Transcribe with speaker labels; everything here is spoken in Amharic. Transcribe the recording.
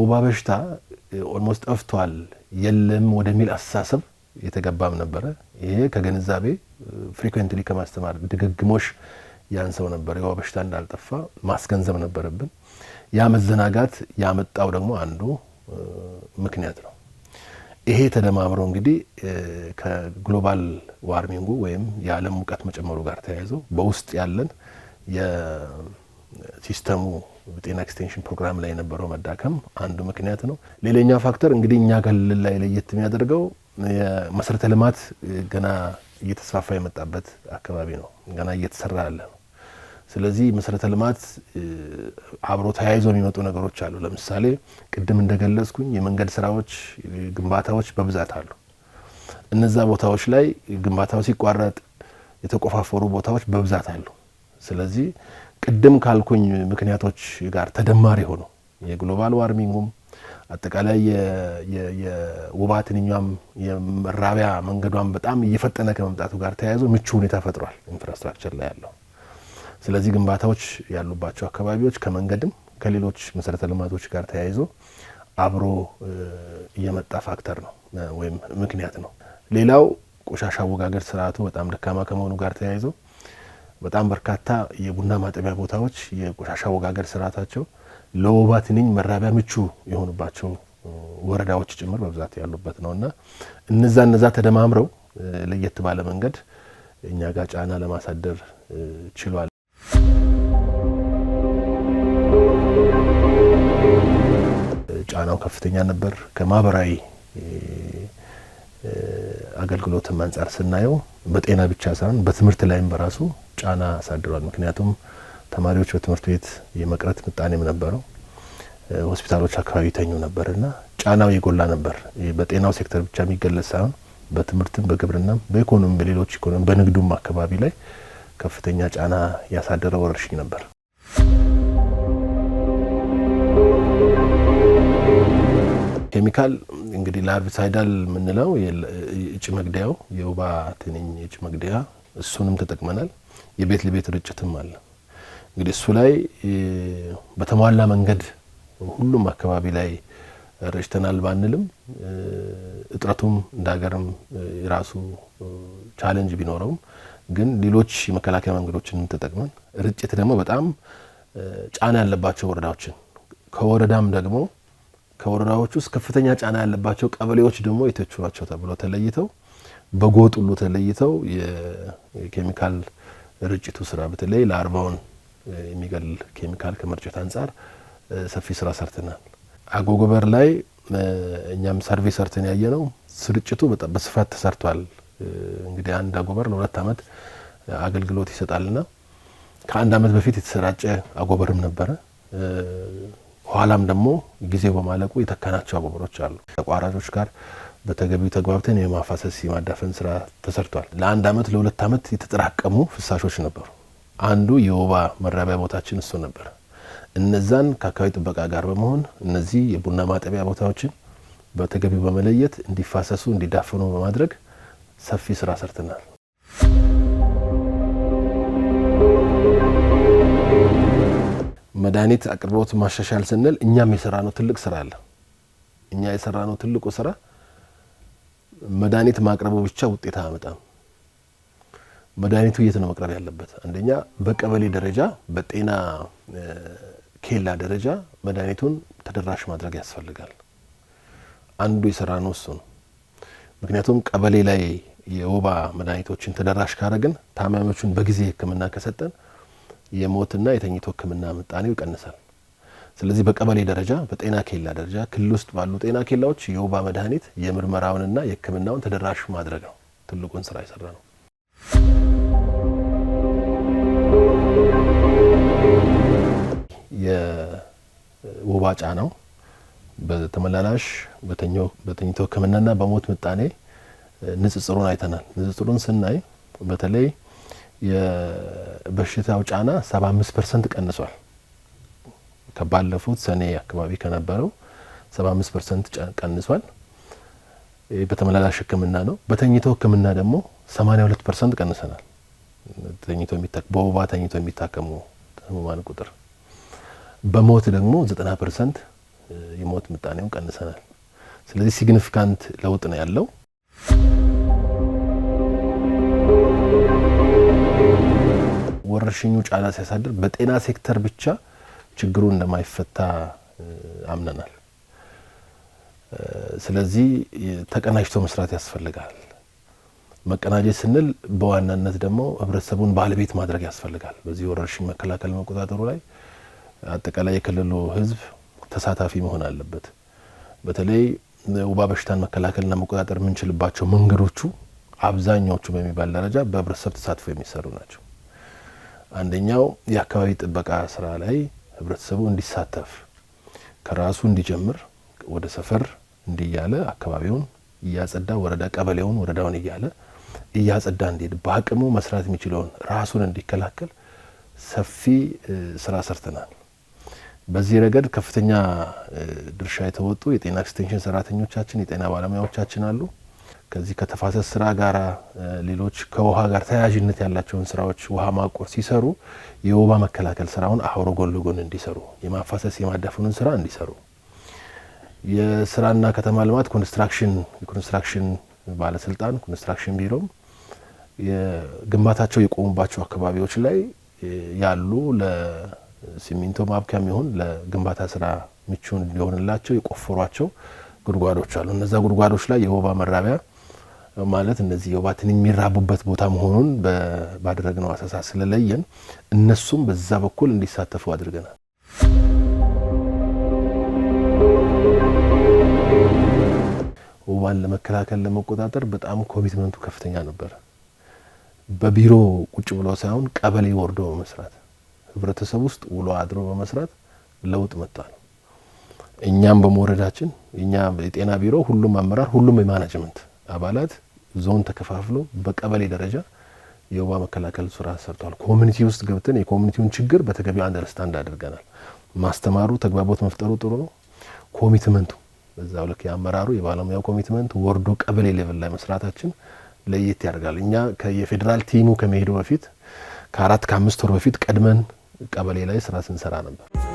Speaker 1: የወባ በሽታ ኦልሞስት ጠፍቷል የለም ወደሚል አስተሳሰብ የተገባም ነበረ። ይሄ ከግንዛቤ ፍሪኩዌንትሊ ከማስተማር ድግግሞሽ ያንሰው ነበር። የወባ በሽታ እንዳልጠፋ ማስገንዘብ ነበረብን። ያ መዘናጋት ያመጣው ደግሞ አንዱ ምክንያት ነው። ይሄ ተደማምሮ እንግዲህ ከግሎባል ዋርሚንጉ ወይም የዓለም ሙቀት መጨመሩ ጋር ተያይዞ በውስጥ ያለን ሲስተሙ ጤና ኤክስቴንሽን ፕሮግራም ላይ የነበረው መዳከም አንዱ ምክንያት ነው። ሌላኛው ፋክተር እንግዲህ እኛ ክልል ላይ ለየት የሚያደርገው የመሰረተ ልማት ገና እየተስፋፋ የመጣበት አካባቢ ነው። ገና እየተሰራ ያለ ነው። ስለዚህ መሰረተ ልማት አብሮ ተያይዞ የሚመጡ ነገሮች አሉ። ለምሳሌ ቅድም እንደገለጽኩኝ የመንገድ ስራዎች፣ ግንባታዎች በብዛት አሉ። እነዛ ቦታዎች ላይ ግንባታው ሲቋረጥ የተቆፋፈሩ ቦታዎች በብዛት አሉ። ስለዚህ ቅድም ካልኩኝ ምክንያቶች ጋር ተደማሪ ሆኖ የግሎባል ዋርሚንጉም አጠቃላይ የወባ ትንኛም የመራቢያ መንገዷም በጣም እየፈጠነ ከመምጣቱ ጋር ተያይዞ ምቹ ሁኔታ ፈጥሯል ኢንፍራስትራክቸር ላይ ያለው። ስለዚህ ግንባታዎች ያሉባቸው አካባቢዎች ከመንገድም ከሌሎች መሰረተ ልማቶች ጋር ተያይዞ አብሮ እየመጣ ፋክተር ነው ወይም ምክንያት ነው። ሌላው ቆሻሻ አወጋገድ ስርዓቱ በጣም ደካማ ከመሆኑ ጋር ተያይዘው በጣም በርካታ የቡና ማጠቢያ ቦታዎች የቆሻሻ አወጋገድ ስርዓታቸው ለወባ ትንኝ መራቢያ ምቹ የሆኑባቸው ወረዳዎች ጭምር በብዛት ያሉበት ነው እና እነዛ እነዛ ተደማምረው ለየት ባለ መንገድ እኛ ጋር ጫና ለማሳደር ችሏል። ጫናው ከፍተኛ ነበር። ከማህበራዊ አገልግሎትም አንጻር ስናየው በጤና ብቻ ሳይሆን በትምህርት ላይም በራሱ ጫና አሳድሯል። ምክንያቱም ተማሪዎች በትምህርት ቤት የመቅረት ምጣኔም ነበረው። ሆስፒታሎች አካባቢ ይተኙ ነበርና ጫናው የጎላ ነበር። በጤናው ሴክተር ብቻ የሚገለጽ ሳይሆን በትምህርትም፣ በግብርናም፣ በኢኮኖሚ፣ በሌሎች ኢኮኖሚ፣ በንግዱም አካባቢ ላይ ከፍተኛ ጫና ያሳደረ ወረርሽኝ ነበር። ኬሚካል እንግዲህ ለአርቢሳይዳል የምንለው እጭ መግደያው የወባ ትንኝ እጭ መግደያ እሱንም ተጠቅመናል። የቤት ለቤት ርጭትም አለ። እንግዲህ እሱ ላይ በተሟላ መንገድ ሁሉም አካባቢ ላይ ረጭተናል ባንልም እጥረቱም እንደ ሀገርም የራሱ ቻለንጅ ቢኖረውም ግን ሌሎች የመከላከያ መንገዶችን ተጠቅመን ርጭት ደግሞ በጣም ጫና ያለባቸው ወረዳዎችን ከወረዳም ደግሞ ከወረዳዎች ውስጥ ከፍተኛ ጫና ያለባቸው ቀበሌዎች ደግሞ የተቹ ናቸው ተብሎ ተለይተው በጎጥ ሁሉ ተለይተው የኬሚካል ርጭቱ ስራ በተለይ ለአርባውን የሚገል ኬሚካል ከመርጨት አንጻር ሰፊ ስራ ሰርተናል። አጎጎበር ላይ እኛም ሰርቬ ሰርተን ያየ ነው። ስርጭቱ በጣም በስፋት ተሰርቷል። እንግዲህ አንድ አጎበር ለሁለት ዓመት አገልግሎት ይሰጣልና ከአንድ ዓመት በፊት የተሰራጨ አጎበርም ነበረ። ኋላም ደግሞ ጊዜው በማለቁ የተከናቸው አባበሮች አሉ። ተቋራጮች ጋር በተገቢው ተግባብተን የማፋሰስ የማዳፈን ስራ ተሰርቷል። ለአንድ አመት ለሁለት አመት የተጠራቀሙ ፍሳሾች ነበሩ። አንዱ የወባ መራቢያ ቦታችን እሱ ነበር። እነዛን ከአካባቢ ጥበቃ ጋር በመሆን እነዚህ የቡና ማጠቢያ ቦታዎችን በተገቢው በመለየት እንዲፋሰሱ እንዲዳፈኑ በማድረግ ሰፊ ስራ ሰርተናል። መድኃኒት አቅርቦት ማሻሻል ስንል እኛም የሰራ ነው ትልቅ ስራ አለ። እኛ የሰራ ነው ትልቁ ስራ መድኃኒት ማቅረቡ ብቻ ውጤት አያመጣም። መድኃኒቱ የት ነው መቅረብ ያለበት? አንደኛ በቀበሌ ደረጃ በጤና ኬላ ደረጃ መድኃኒቱን ተደራሽ ማድረግ ያስፈልጋል። አንዱ የሰራ ነው እሱ ነው። ምክንያቱም ቀበሌ ላይ የወባ መድኃኒቶችን ተደራሽ ካረግን ታማሚዎቹን በጊዜ ሕክምና ከሰጠን የሞትና የተኝቶ ህክምና ምጣኔው ይቀንሳል። ስለዚህ በቀበሌ ደረጃ በጤና ኬላ ደረጃ ክልል ውስጥ ባሉ ጤና ኬላዎች የወባ መድኃኒት የምርመራውንና የህክምናውን ተደራሽ ማድረግ ነው ትልቁን ስራ የሰራ ነው። የወባ ጫናው በተመላላሽ በተኝቶ ህክምናና በሞት ምጣኔ ንጽጽሩን አይተናል። ንጽጽሩን ስናይ በተለይ የበሽታው ጫና 75 ፐርሰንት ቀንሷል። ከባለፉት ሰኔ አካባቢ ከነበረው 75 ፐርሰንት ቀንሷል። በተመላላሽ ህክምና ነው። በተኝቶ ህክምና ደግሞ 82 ፐርሰንት ቀንሰናል። ተኝቶ በወባ ተኝቶ የሚታከሙ ህሙማን ቁጥር በሞት ደግሞ 90 የሞት ምጣኔውን ቀንሰናል። ስለዚህ ሲግኒፊካንት ለውጥ ነው ያለው። ወረርሽኙ ጫና ሲያሳድር በጤና ሴክተር ብቻ ችግሩ እንደማይፈታ አምነናል። ስለዚህ ተቀናጅቶ መስራት ያስፈልጋል። መቀናጀት ስንል በዋናነት ደግሞ ህብረተሰቡን ባለቤት ማድረግ ያስፈልጋል። በዚህ ወረርሽኝ መከላከል መቆጣጠሩ ላይ አጠቃላይ የክልሉ ህዝብ ተሳታፊ መሆን አለበት። በተለይ ወባ በሽታን መከላከልና መቆጣጠር የምንችልባቸው መንገዶቹ አብዛኛዎቹ በሚባል ደረጃ በህብረተሰብ ተሳትፎ የሚሰሩ ናቸው። አንደኛው የአካባቢ ጥበቃ ስራ ላይ ህብረተሰቡ እንዲሳተፍ ከራሱ እንዲጀምር ወደ ሰፈር እንዲያለ አካባቢውን እያጸዳ ወረዳ ቀበሌውን ወረዳውን እያለ እያጸዳ እንዲሄድ በአቅሙ መስራት የሚችለውን ራሱን እንዲከላከል ሰፊ ስራ ሰርተናል። በዚህ ረገድ ከፍተኛ ድርሻ የተወጡ የጤና ኤክስቴንሽን ሰራተኞቻችን፣ የጤና ባለሙያዎቻችን አሉ። ከዚህ ከተፋሰስ ስራ ጋር ሌሎች ከውሃ ጋር ተያያዥነት ያላቸውን ስራዎች ውሃ ማቆር ሲሰሩ የወባ መከላከል ስራውን አብሮ ጎን ለጎን እንዲሰሩ የማፋሰስ የማዳፈኑን ስራ እንዲሰሩ የስራና ከተማ ልማት ኮንስትራክሽን የኮንስትራክሽን ባለስልጣን ኮንስትራክሽን ቢሮም ግንባታቸው የቆሙባቸው አካባቢዎች ላይ ያሉ ለሲሚንቶ ማብኪያ ይሁን ለግንባታ ስራ ምቹ እንዲሆንላቸው የቆፈሯቸው ጉድጓዶች አሉ። እነዛ ጉድጓዶች ላይ የወባ መራቢያ ማለት እነዚህ የውባትን የሚራቡበት ቦታ መሆኑን ባደረግነው አሰሳ ስለለየን እነሱም በዛ በኩል እንዲሳተፉ አድርገናል። ወባን ለመከላከል ለመቆጣጠር በጣም ኮሚትመንቱ ከፍተኛ ነበር። በቢሮ ቁጭ ብሎ ሳይሆን ቀበሌ ወርዶ በመስራት ህብረተሰብ ውስጥ ውሎ አድሮ በመስራት ለውጥ መጣ ነው። እኛም በመውረዳችን እኛ የጤና ቢሮ ሁሉም አመራር፣ ሁሉም የማናጅመንት አባላት ዞን ተከፋፍሎ በቀበሌ ደረጃ የወባ መከላከል ስራ ሰርቷል። ኮሚኒቲ ውስጥ ገብተን የኮሚኒቲውን ችግር በተገቢው አንደርስታንድ አድርገናል። ማስተማሩ፣ ተግባቦት መፍጠሩ ጥሩ ነው። ኮሚትመንቱ በዛው ልክ የአመራሩ የባለሙያው ኮሚትመንት ወርዶ ቀበሌ ሌቭል ላይ መስራታችን ለየት ያደርጋል። እኛ የፌዴራል ቲሙ ከመሄዱ በፊት ከአራት ከአምስት ወር በፊት ቀድመን ቀበሌ ላይ ስራ ስንሰራ ነበር።